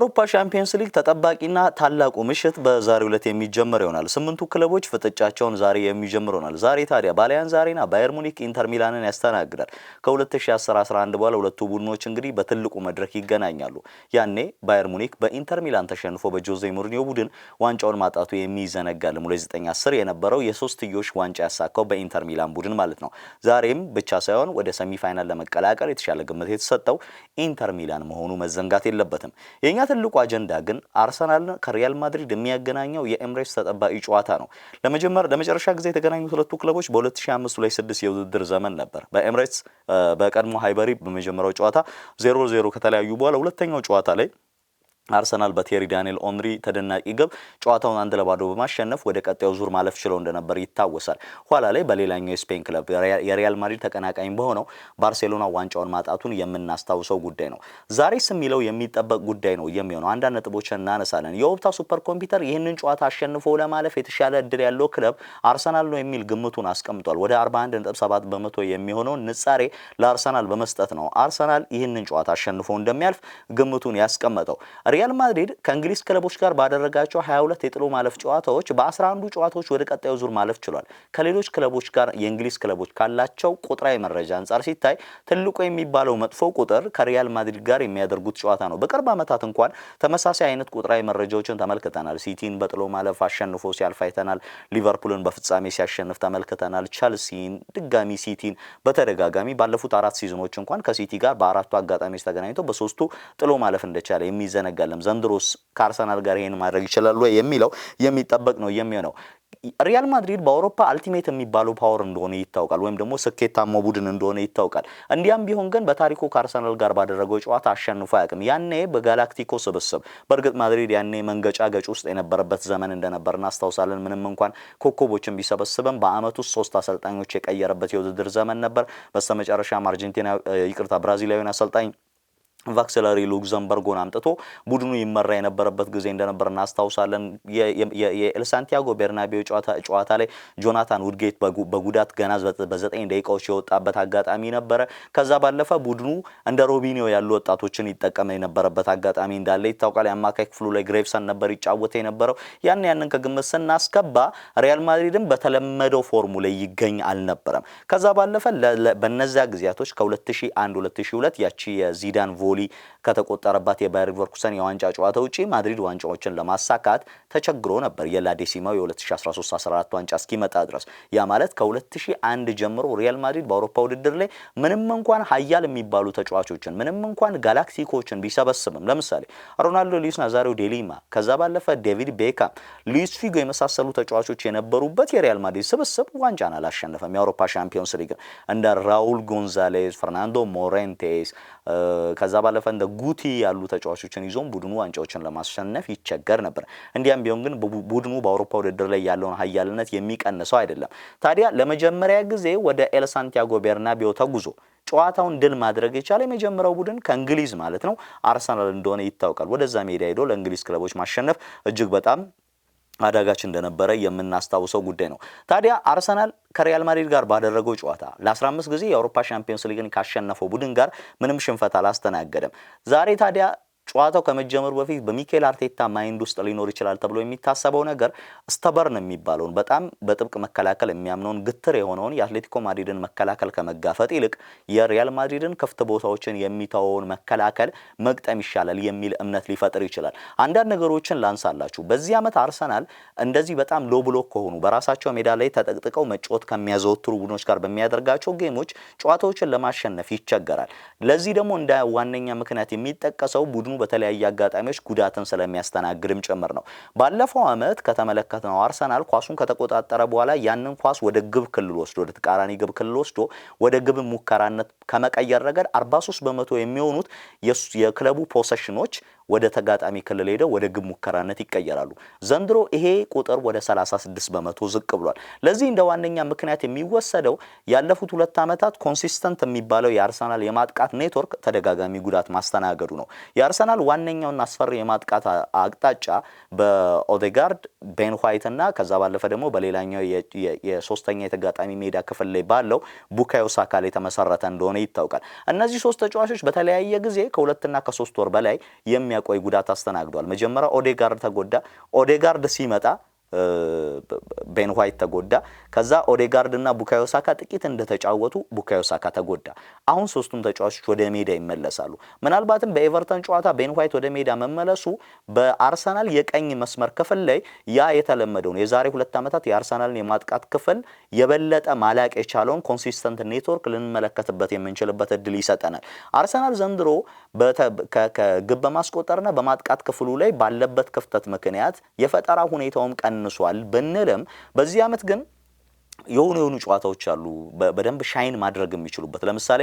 የአውሮፓ ሻምፒየንስ ሊግ ተጠባቂና ታላቁ ምሽት በዛሬው ዕለት የሚጀመር ይሆናል። ስምንቱ ክለቦች ፍጥጫቸውን ዛሬ የሚጀምር ይሆናል። ዛሬ ታዲያ ባሊያን ዛሬና ባየር ሙኒክ ኢንተር ሚላንን ያስተናግዳል። ከ2011 በኋላ ሁለቱ ቡድኖች እንግዲህ በትልቁ መድረክ ይገናኛሉ። ያኔ ባየር ሙኒክ በኢንተር ሚላን ተሸንፎ በጆዜ ሞሪኒዮ ቡድን ዋንጫውን ማጣቱ የሚዘነጋል ልሙ 910 የነበረው የሶስትዮሽ ዋንጫ ያሳካው በኢንተር ሚላን ቡድን ማለት ነው። ዛሬም ብቻ ሳይሆን ወደ ሰሚፋይናል ለመቀላቀል የተሻለ ግምት የተሰጠው ኢንተር ሚላን መሆኑ መዘንጋት የለበትም። የእኛ ትልቁ አጀንዳ ግን አርሰናልን ከሪያል ማድሪድ የሚያገናኘው የኤምሬትስ ተጠባቂ ጨዋታ ነው። ለመጀመር ለመጨረሻ ጊዜ የተገናኙት ሁለቱ ክለቦች በ2005 ላይ 6 የውድድር ዘመን ነበር። በኤምሬትስ በቀድሞ ሃይበሪ በመጀመሪያው ጨዋታ 0 ዜሮ ከተለያዩ በኋላ ሁለተኛው ጨዋታ ላይ አርሰናል በቴሪ ዳንኤል ኦንሪ ተደናቂ ግብ ጨዋታውን አንድ ለባዶ በማሸነፍ ወደ ቀጣዩ ዙር ማለፍ ችለው እንደነበር ይታወሳል። ኋላ ላይ በሌላኛው የስፔን ክለብ የሪያል ማድሪድ ተቀናቃኝ በሆነው ባርሴሎና ዋንጫውን ማጣቱን የምናስታውሰው ጉዳይ ነው። ዛሬስ የሚለው የሚጠበቅ ጉዳይ ነው የሚሆነው። አንዳንድ ነጥቦችን እናነሳለን። የኦፕታ ሱፐር ኮምፒውተር ይህንን ጨዋታ አሸንፎ ለማለፍ የተሻለ እድል ያለው ክለብ አርሰናል ነው የሚል ግምቱን አስቀምጧል። ወደ 41.7 በመቶ የሚሆነውን ንጻሬ ለአርሰናል በመስጠት ነው አርሰናል ይህንን ጨዋታ አሸንፎ እንደሚያልፍ ግምቱን ያስቀመጠው። ሪያል ማድሪድ ከእንግሊዝ ክለቦች ጋር ባደረጋቸው 22 የጥሎ ማለፍ ጨዋታዎች በ11ዱ ጨዋታዎች ወደ ቀጣዩ ዙር ማለፍ ችሏል። ከሌሎች ክለቦች ጋር የእንግሊዝ ክለቦች ካላቸው ቁጥራዊ መረጃ አንጻር ሲታይ ትልቁ የሚባለው መጥፎ ቁጥር ከሪያል ማድሪድ ጋር የሚያደርጉት ጨዋታ ነው። በቅርብ ዓመታት እንኳን ተመሳሳይ አይነት ቁጥራዊ መረጃዎችን ተመልክተናል። ሲቲን በጥሎ ማለፍ አሸንፎ ሲያልፍ አይተናል። ሊቨርፑልን በፍጻሜ ሲያሸንፍ ተመልክተናል። ቸልሲን፣ ድጋሚ ሲቲን በተደጋጋሚ ባለፉት አራት ሲዝኖች እንኳን ከሲቲ ጋር በአራቱ አጋጣሚዎች ተገናኝቶ በሶስቱ ጥሎ ማለፍ እንደቻለ የሚዘነጋ አልተዋጋለም። ዘንድሮስ ከአርሰናል ጋር ይሄን ማድረግ ይችላሉ የሚለው የሚጠበቅ ነው የሚሆነው። ሪያል ማድሪድ በአውሮፓ አልቲሜት የሚባለው ፓወር እንደሆነ ይታወቃል፣ ወይም ደግሞ ስኬታማ ቡድን እንደሆነ ይታወቃል። እንዲያም ቢሆን ግን በታሪኩ ከአርሰናል ጋር ባደረገው ጨዋታ አሸንፎ አያውቅም። ያኔ በጋላክቲኮ ስብስብ በእርግጥ ማድሪድ ያኔ መንገጫ ገጭ ውስጥ የነበረበት ዘመን እንደነበር እናስታውሳለን። ምንም እንኳን ኮከቦችን ቢሰበስብም በአመት ውስጥ ሶስት አሰልጣኞች የቀየረበት የውድድር ዘመን ነበር። በስተመጨረሻም አርጀንቲና ይቅርታ ብራዚላዊን አሰልጣኝ ቫክሰለሪ ሉክዘምበርጎን አምጥቶ ቡድኑ ይመራ የነበረበት ጊዜ እንደነበር እናስታውሳለን። የኤልሳንቲያጎ ቤርናቤው ጨዋታ ላይ ጆናታን ውድጌት በጉዳት ገና በዘጠኝ ደቂቃዎች የወጣበት አጋጣሚ ነበረ። ከዛ ባለፈ ቡድኑ እንደ ሮቢኒዮ ያሉ ወጣቶችን ይጠቀም የነበረበት አጋጣሚ እንዳለ ይታወቃል። የአማካይ ክፍሉ ላይ ግሬቭሰን ነበር ይጫወተ የነበረው። ያን ያንን ከግምት ስናስገባ ሪያል ማድሪድን በተለመደው ፎርሙ ላይ ይገኝ አልነበረም። ከዛ ባለፈ በነዚያ ጊዜያቶች ከ2001 2002 ያቺ የዚዳን ጎሊ ከተቆጠረባት የባየር ሊቨርኩሰን የዋንጫ ጨዋታ ውጪ ማድሪድ ዋንጫዎችን ለማሳካት ተቸግሮ ነበር። የላዴሲማው የ2013/14 ዋንጫ እስኪመጣ ድረስ ያ ማለት ከ2001 ጀምሮ ሪያል ማድሪድ በአውሮፓ ውድድር ላይ ምንም እንኳን ሀያል የሚባሉ ተጫዋቾችን ምንም እንኳን ጋላክቲኮችን ቢሰበስብም ለምሳሌ ሮናልዶ፣ ሉዊስ ናዛሪዮ ዴሊማ ከዛ ባለፈ ዴቪድ ቤካም፣ ሉዊስ ፊጎ የመሳሰሉ ተጫዋቾች የነበሩበት የሪያል ማድሪድ ስብስብ ዋንጫን አላሸነፈም። የአውሮፓ ሻምፒዮንስ ሊግ እንደ ራውል ጎንዛሌዝ፣ ፈርናንዶ ሞሬንቴስ ከዛ ባለፈ እንደ ጉቲ ያሉ ተጫዋቾችን ይዞም ቡድኑ ዋንጫዎችን ለማሸነፍ ይቸገር ነበር። እንዲያም ቢሆን ግን ቡድኑ በአውሮፓ ውድድር ላይ ያለውን ኃያልነት የሚቀንሰው አይደለም። ታዲያ ለመጀመሪያ ጊዜ ወደ ኤል ሳንቲያጎ ቤርናቢዮ ተጉዞ ጨዋታውን ድል ማድረግ የቻለ የመጀመሪያው ቡድን ከእንግሊዝ ማለት ነው አርሰናል እንደሆነ ይታወቃል። ወደዛ ሜዳ ሄዶ ለእንግሊዝ ክለቦች ማሸነፍ እጅግ በጣም አዳጋች እንደነበረ የምናስታውሰው ጉዳይ ነው። ታዲያ አርሰናል ከሪያል ማድሪድ ጋር ባደረገው ጨዋታ ለ15 ጊዜ የአውሮፓ ሻምፒዮንስ ሊግን ካሸነፈው ቡድን ጋር ምንም ሽንፈት አላስተናገደም። ዛሬ ታዲያ ጨዋታው ከመጀመሩ በፊት በሚኬል አርቴታ ማይንድ ውስጥ ሊኖር ይችላል ተብሎ የሚታሰበው ነገር ስተበርን የሚባለውን በጣም በጥብቅ መከላከል የሚያምነውን ግትር የሆነውን የአትሌቲኮ ማድሪድን መከላከል ከመጋፈጥ ይልቅ የሪያል ማድሪድን ክፍት ቦታዎችን የሚተወውን መከላከል መግጠም ይሻላል የሚል እምነት ሊፈጥር ይችላል። አንዳንድ ነገሮችን ላንሳላችሁ። በዚህ ዓመት አርሰናል እንደዚህ በጣም ሎ ብሎክ ከሆኑ በራሳቸው ሜዳ ላይ ተጠቅጥቀው መጫወት ከሚያዘወትሩ ቡድኖች ጋር በሚያደርጋቸው ጌሞች ጨዋታዎችን ለማሸነፍ ይቸገራል። ለዚህ ደግሞ እንደ ዋነኛ ምክንያት የሚጠቀሰው ቡድኑ በተለያየ አጋጣሚዎች ጉዳትን ስለሚያስተናግድም ጭምር ነው። ባለፈው ዓመት ከተመለከትነው አርሰናል ኳሱን ከተቆጣጠረ በኋላ ያንን ኳስ ወደ ግብ ክልል ወስዶ ወደ ተቃራኒ ግብ ክልል ወስዶ ወደ ግብ ሙከራነት ከመቀየር ረገድ 43 በመቶ የሚሆኑት የክለቡ ፖሰሽኖች ወደ ተጋጣሚ ክልል ሄደው ወደ ግብ ሙከራነት ይቀየራሉ። ዘንድሮ ይሄ ቁጥር ወደ 36 በመቶ ዝቅ ብሏል። ለዚህ እንደ ዋነኛ ምክንያት የሚወሰደው ያለፉት ሁለት ዓመታት ኮንሲስተንት የሚባለው የአርሰናል የማጥቃት ኔትወርክ ተደጋጋሚ ጉዳት ማስተናገዱ ነው። የአርሰናል ዋነኛውና አስፈሪ የማጥቃት አቅጣጫ በኦዴጋርድ ቤን ዋይት እና ከዛ ባለፈ ደግሞ በሌላኛው የሶስተኛ የተጋጣሚ ሜዳ ክፍል ላይ ባለው ቡካዮ ሳካ ላይ የተመሰረተ እንደሆነ ይታወቃል። እነዚህ ሶስት ተጫዋቾች በተለያየ ጊዜ ከሁለትና ከሶስት ወር በላይ የሚያ የሚያቆይ ጉዳት አስተናግዷል። መጀመሪያ ኦዴጋርድ ተጎዳ። ኦዴጋርድ ሲመጣ ቤን ዋይት ተጎዳ። ከዛ ኦዴጋርድ እና ቡካዮ ሳካ ጥቂት እንደተጫወቱ ቡካዮ ሳካ ተጎዳ። አሁን ሶስቱም ተጫዋቾች ወደ ሜዳ ይመለሳሉ። ምናልባትም በኤቨርተን ጨዋታ ቤን ዋይት ወደ ሜዳ መመለሱ በአርሰናል የቀኝ መስመር ክፍል ላይ ያ የተለመደውን የዛሬ ሁለት ዓመታት የአርሰናልን የማጥቃት ክፍል የበለጠ ማላቅ የቻለውን ኮንሲስተንት ኔትወርክ ልንመለከትበት የምንችልበት እድል ይሰጠናል። አርሰናል ዘንድሮ ከግብ በማስቆጠርና በማጥቃት ክፍሉ ላይ ባለበት ክፍተት ምክንያት የፈጠራ ሁኔታውም ቀን ቀንሷል ብንልም በዚህ ዓመት ግን የሆኑ የሆኑ ጨዋታዎች አሉ በደንብ ሻይን ማድረግ የሚችሉበት። ለምሳሌ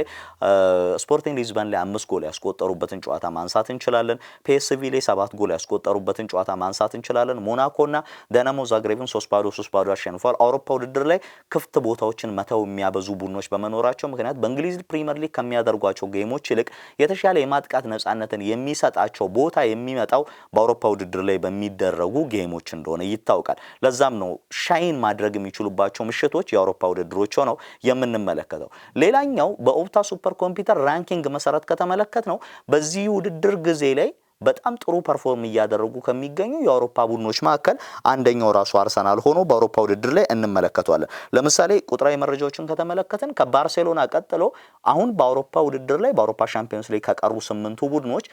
ስፖርቲንግ ሊዝበን ላይ አምስት ጎል ያስቆጠሩበትን ጨዋታ ማንሳት እንችላለን። ፒኤስቪ ላይ ሰባት ጎል ያስቆጠሩበትን ጨዋታ ማንሳት እንችላለን። ሞናኮና ደናሞ ዛግሬብን ሶስት ባዶ ሶስት ባዶ አሸንፏል። አውሮፓ ውድድር ላይ ክፍት ቦታዎችን መተው የሚያበዙ ቡድኖች በመኖራቸው ምክንያት በእንግሊዝ ፕሪምየር ሊግ ከሚያደርጓቸው ጌሞች ይልቅ የተሻለ የማጥቃት ነጻነትን የሚሰጣቸው ቦታ የሚመጣው በአውሮፓ ውድድር ላይ በሚደረጉ ጌሞች እንደሆነ ይታወቃል። ለዛም ነው ሻይን ማድረግ የሚችሉባቸው ምሽት ውጤቶች የአውሮፓ ውድድሮች ነው የምንመለከተው። ሌላኛው በኦፕታ ሱፐር ኮምፒውተር ራንኪንግ መሰረት ከተመለከት ነው በዚህ ውድድር ጊዜ ላይ በጣም ጥሩ ፐርፎርም እያደረጉ ከሚገኙ የአውሮፓ ቡድኖች መካከል አንደኛው ራሱ አርሰናል ሆኖ በአውሮፓ ውድድር ላይ እንመለከተዋለን። ለምሳሌ ቁጥራዊ መረጃዎችን ከተመለከትን ከባርሴሎና ቀጥሎ አሁን በአውሮፓ ውድድር ላይ በአውሮፓ ሻምፒዮንስ ሊግ ከቀሩ ስምንቱ ቡድኖች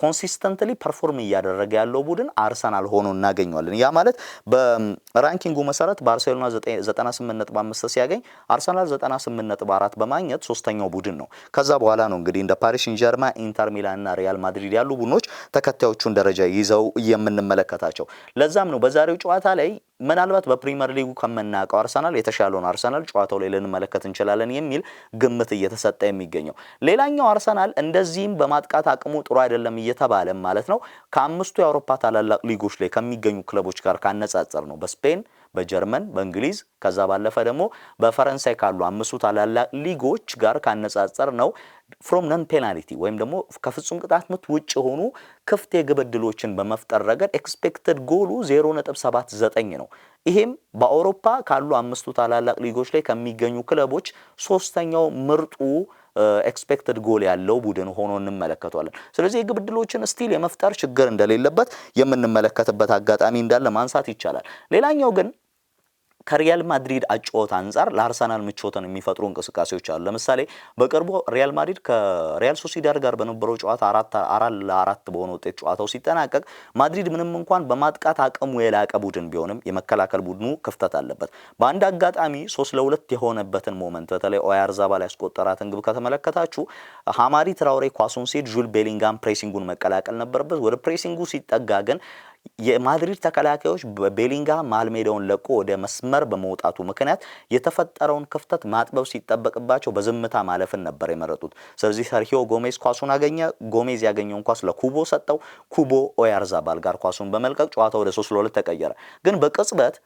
ኮንሲስተንትሊ ፐርፎርም እያደረገ ያለው ቡድን አርሰናል ሆኖ እናገኘዋለን። ያ ማለት በራንኪንጉ መሰረት ባርሴሎና 98.5 ሲያገኝ አርሰናል 98.4 በማግኘት ሶስተኛው ቡድን ነው። ከዛ በኋላ ነው እንግዲህ እንደ ፓሪስ ሴንጀርማ፣ ኢንተር ሚላን እና ሪያል ማድሪድ ያሉ ቡድኖች ተከታዮቹን ደረጃ ይዘው የምንመለከታቸው። ለዛም ነው በዛሬው ጨዋታ ላይ ምናልባት በፕሪሚየር ሊጉ ከምናውቀው አርሰናል የተሻለውን አርሰናል ጨዋታው ላይ ልንመለከት እንችላለን የሚል ግምት እየተሰጠ የሚገኘው ሌላኛው አርሰናል እንደዚህም በማጥቃት አቅሙ ጥሩ አይደለም እየተባለ ማለት ነው ከአምስቱ የአውሮፓ ታላላቅ ሊጎች ላይ ከሚገኙ ክለቦች ጋር ካነጻጸር ነው በስፔን በጀርመን በእንግሊዝ ከዛ ባለፈ ደግሞ በፈረንሳይ ካሉ አምስቱ ታላላቅ ሊጎች ጋር ካነጻጸር ነው ፍሮም ነን ፔናልቲ ወይም ደግሞ ከፍጹም ቅጣት ምት ውጭ የሆኑ ክፍት የግብ ዕድሎችን በመፍጠር ረገድ ኤክስፔክትድ ጎሉ 0.79 ነው። ይሄም በአውሮፓ ካሉ አምስቱ ታላላቅ ሊጎች ላይ ከሚገኙ ክለቦች ሶስተኛው ምርጡ ኤክስፔክትድ ጎል ያለው ቡድን ሆኖ እንመለከተዋለን። ስለዚህ የግብ ዕድሎችን ስቲል የመፍጠር ችግር እንደሌለበት የምንመለከትበት አጋጣሚ እንዳለ ማንሳት ይቻላል። ሌላኛው ግን ከሪያል ማድሪድ አጨዋወት አንጻር ለአርሰናል ምቾትን የሚፈጥሩ እንቅስቃሴዎች አሉ። ለምሳሌ በቅርቡ ሪያል ማድሪድ ከሪያል ሶሲዳድ ጋር በነበረው ጨዋታ አራት ለአራት በሆነ ውጤት ጨዋታው ሲጠናቀቅ ማድሪድ ምንም እንኳን በማጥቃት አቅሙ የላቀ ቡድን ቢሆንም የመከላከል ቡድኑ ክፍተት አለበት። በአንድ አጋጣሚ ሶስት ለሁለት የሆነበትን ሞመንት በተለይ ኦያርዛባል ያስቆጠራትን ግብ ከተመለከታችሁ ሀማሪ ትራውሬ ኳሱን ሲሄድ ጁል ቤሊንጋም ፕሬሲንጉን መቀላቀል ነበረበት። ወደ ፕሬሲንጉ ሲጠጋ ግን የማድሪድ ተከላካዮች በቤሊንጋ ማልሜዳውን ለቆ ወደ መስመር በመውጣቱ ምክንያት የተፈጠረውን ክፍተት ማጥበብ ሲጠበቅባቸው በዝምታ ማለፍን ነበር የመረጡት። ስለዚህ ሰርሂዮ ጎሜዝ ኳሱን አገኘ። ጎሜዝ ያገኘውን ኳስ ለኩቦ ሰጠው። ኩቦ ኦያርዛባል ጋር ኳሱን በመልቀቅ ጨዋታ ወደ ሶስት ለሁለት ተቀየረ። ግን በቅጽበት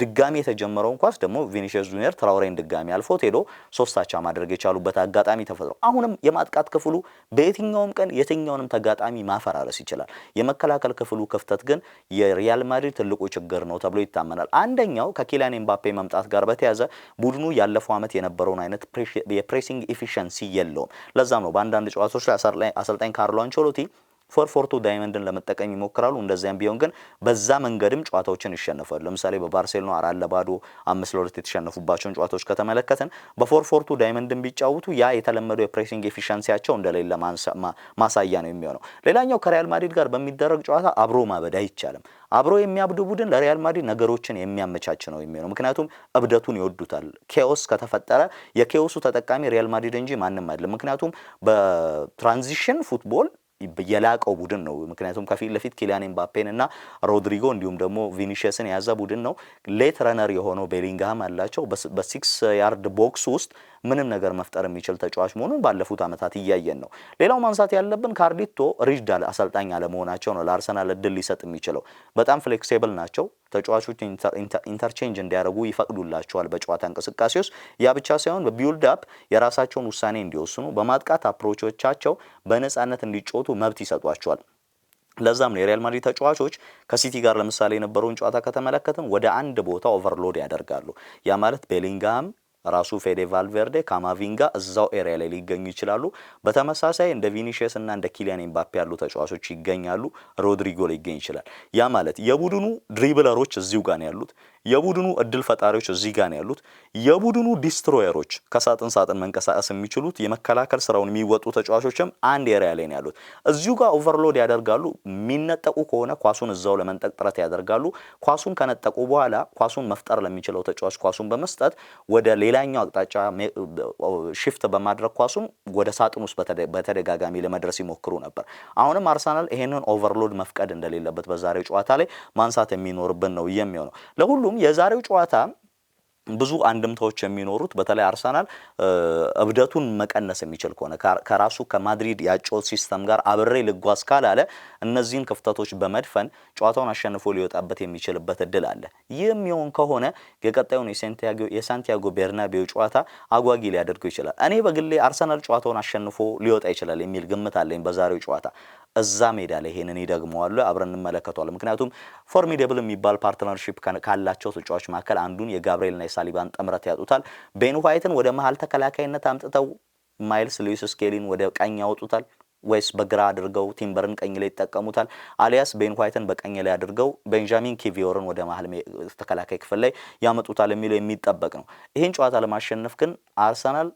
ድጋሚ የተጀመረው ኳስ ደግሞ ቪኒሽስ ጁኒየር ትራውሬን ድጋሚ አልፎት ሄዶ ሶስታቻ ማድረግ የቻሉበት አጋጣሚ ተፈጥሮ አሁንም የማጥቃት ክፍሉ በየትኛውም ቀን የትኛውንም ተጋጣሚ ማፈራረስ ይችላል። የመከላከል ክፍሉ ክፍተት ግን የሪያል ማድሪድ ትልቁ ችግር ነው ተብሎ ይታመናል። አንደኛው ከኪሊያን ኤምባፔ መምጣት ጋር በተያዘ ቡድኑ ያለፈው ዓመት የነበረውን አይነት የፕሬሲንግ ኢፊሽንሲ የለውም። ለዛም ነው በአንዳንድ ጨዋታዎች ላይ አሰልጣኝ ካርሎ አንቸሎቲ ፎር ፎር ቱ ዳይመንድን ለመጠቀም ይሞክራሉ። እንደዚያም ቢሆን ግን በዛ መንገድም ጨዋታዎችን ይሸነፋሉ። ለምሳሌ በባርሴሎና አራት ለባዶ፣ አምስት ለሁለት የተሸነፉባቸውን ጨዋታዎች ከተመለከትን በፎር ፎር ቱ ዳይመንድን ቢጫወቱ ያ የተለመደው የፕሬሲንግ ኤፊሻንሲያቸው እንደሌለ ማሳያ ነው የሚሆነው። ሌላኛው ከሪያል ማድሪድ ጋር በሚደረግ ጨዋታ አብሮ ማበድ አይቻልም። አብሮ የሚያብድ ቡድን ለሪያል ማድሪድ ነገሮችን የሚያመቻች ነው የሚሆነው። ምክንያቱም እብደቱን ይወዱታል። ኬዎስ ከተፈጠረ የኬዎሱ ተጠቃሚ ሪያል ማድሪድ እንጂ ማንም አይደለም። ምክንያቱም በትራንዚሽን ፉትቦል የላቀው ቡድን ነው። ምክንያቱም ከፊት ለፊት ኪሊያን ኤምባፔን እና ሮድሪጎ እንዲሁም ደግሞ ቪኒሽስን የያዘ ቡድን ነው። ሌት ረነር የሆነው ቤሊንግሃም አላቸው። በሲክስ ያርድ ቦክስ ውስጥ ምንም ነገር መፍጠር የሚችል ተጫዋች መሆኑን ባለፉት ዓመታት እያየን ነው። ሌላው ማንሳት ያለብን ካርዲቶ ሪጅድ አሰልጣኝ አለመሆናቸው ነው ለአርሰናል እድል ሊሰጥ የሚችለው። በጣም ፍሌክሲብል ናቸው። ተጫዋቾች ኢንተርቼንጅ እንዲያደርጉ ይፈቅዱላቸዋል በጨዋታ እንቅስቃሴ ውስጥ። ያ ብቻ ሳይሆን በቢውልድ አፕ የራሳቸውን ውሳኔ እንዲወስኑ በማጥቃት አፕሮቾቻቸው በነፃነት እንዲጫወቱ መብት ይሰጧቸዋል። ለዛም ነው የሪያል ማድሪድ ተጫዋቾች ከሲቲ ጋር ለምሳሌ የነበረውን ጨዋታ ከተመለከትም ወደ አንድ ቦታ ኦቨርሎድ ያደርጋሉ። ያ ማለት ቤሊንግሃም ራሱ ፌዴ ቫልቬርዴ፣ ካማቪንጋ እዛው ኤሪያ ላይ ሊገኙ ይችላሉ። በተመሳሳይ እንደ ቪኒሽስ እና እንደ ኪሊያን ኤምባፔ ያሉ ተጫዋቾች ይገኛሉ። ሮድሪጎ ሊገኝ ይችላል። ያ ማለት የቡድኑ ድሪብለሮች እዚሁ ጋር ነው ያሉት። የቡድኑ እድል ፈጣሪዎች እዚህ ጋር ነው ያሉት። የቡድኑ ዲስትሮየሮች ከሳጥን ሳጥን መንቀሳቀስ የሚችሉት የመከላከል ስራውን የሚወጡ ተጫዋቾችም አንድ ኤሪያ ላይ ነው ያሉት። እዚሁ ጋር ኦቨርሎድ ያደርጋሉ። የሚነጠቁ ከሆነ ኳሱን እዛው ለመንጠቅ ጥረት ያደርጋሉ። ኳሱን ከነጠቁ በኋላ ኳሱን መፍጠር ለሚችለው ተጫዋች ኳሱን በመስጠት ወደ ሌላኛው አቅጣጫ ሽፍት በማድረግ ኳሱን ወደ ሳጥን ውስጥ በተደጋጋሚ ለመድረስ ይሞክሩ ነበር። አሁንም አርሰናል ይሄንን ኦቨርሎድ መፍቀድ እንደሌለበት በዛሬው ጨዋታ ላይ ማንሳት የሚኖርብን ነው የሚሆነው ለሁሉም እንዲሁም የዛሬው ጨዋታ ብዙ አንድምታዎች የሚኖሩት በተለይ አርሰናል እብደቱን መቀነስ የሚችል ከሆነ ከራሱ ከማድሪድ ያጨዋወት ሲስተም ጋር አብሬ ልጓዝ ካላለ እነዚህን ክፍተቶች በመድፈን ጨዋታውን አሸንፎ ሊወጣበት የሚችልበት እድል አለ። ይህ የሚሆን ከሆነ የቀጣዩን የሳንቲያጎ ቤርናቤው ጨዋታ አጓጊ ሊያደርገው ይችላል። እኔ በግሌ አርሰናል ጨዋታውን አሸንፎ ሊወጣ ይችላል የሚል ግምት አለኝ በዛሬው ጨዋታ እዛ ሜዳ ላይ ይሄንን ይደግመዋሉ። አብረን እንመለከተዋለን። ምክንያቱም ፎርሚደብል የሚባል ፓርትነርሺፕ ካላቸው ተጫዋች መካከል አንዱን የጋብርኤልና የሳሊባን ጥምረት ያጡታል። ቤን ዋይትን ወደ መሀል ተከላካይነት አምጥተው ማይልስ ሉዊስ ስኬሊን ወደ ቀኝ ያወጡታል ወይስ በግራ አድርገው ቲምበርን ቀኝ ላይ ይጠቀሙታል? አሊያስ ቤን ዋይትን በቀኝ ላይ አድርገው ቤንጃሚን ኪቪዮርን ወደ መሀል ተከላካይ ክፍል ላይ ያመጡታል የሚለው የሚጠበቅ ነው። ይህን ጨዋታ ለማሸነፍ ግን አርሰናል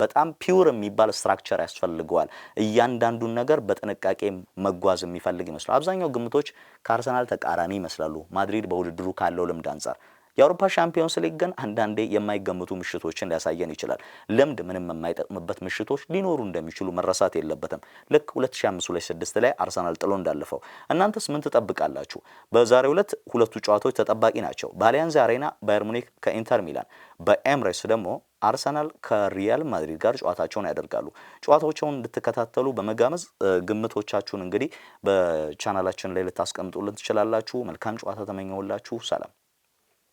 በጣም ፒውር የሚባል ስትራክቸር ያስፈልገዋል። እያንዳንዱን ነገር በጥንቃቄ መጓዝ የሚፈልግ ይመስላል። አብዛኛው ግምቶች ከአርሰናል ተቃራኒ ይመስላሉ፣ ማድሪድ በውድድሩ ካለው ልምድ አንጻር። የአውሮፓ ሻምፒዮንስ ሊግ ግን አንዳንዴ የማይገምቱ ምሽቶችን ሊያሳየን ይችላል። ልምድ ምንም የማይጠቅምበት ምሽቶች ሊኖሩ እንደሚችሉ መረሳት የለበትም። ልክ 2005 ላይ አርሰናል ጥሎ እንዳለፈው። እናንተስ ምን ትጠብቃላችሁ? በዛሬው ዕለት ሁለቱ ጨዋታዎች ተጠባቂ ናቸው። በአሊያንዝ አሬና ባየር ሙኒክ ከኢንተር ሚላን፣ በኤምሬስ ደግሞ አርሰናል ከሪያል ማድሪድ ጋር ጨዋታቸውን ያደርጋሉ። ጨዋታቸውን እንድትከታተሉ በመጋመዝ ግምቶቻችሁን እንግዲህ በቻናላችን ላይ ልታስቀምጡልን ትችላላችሁ። መልካም ጨዋታ ተመኘሁላችሁ። ሰላም።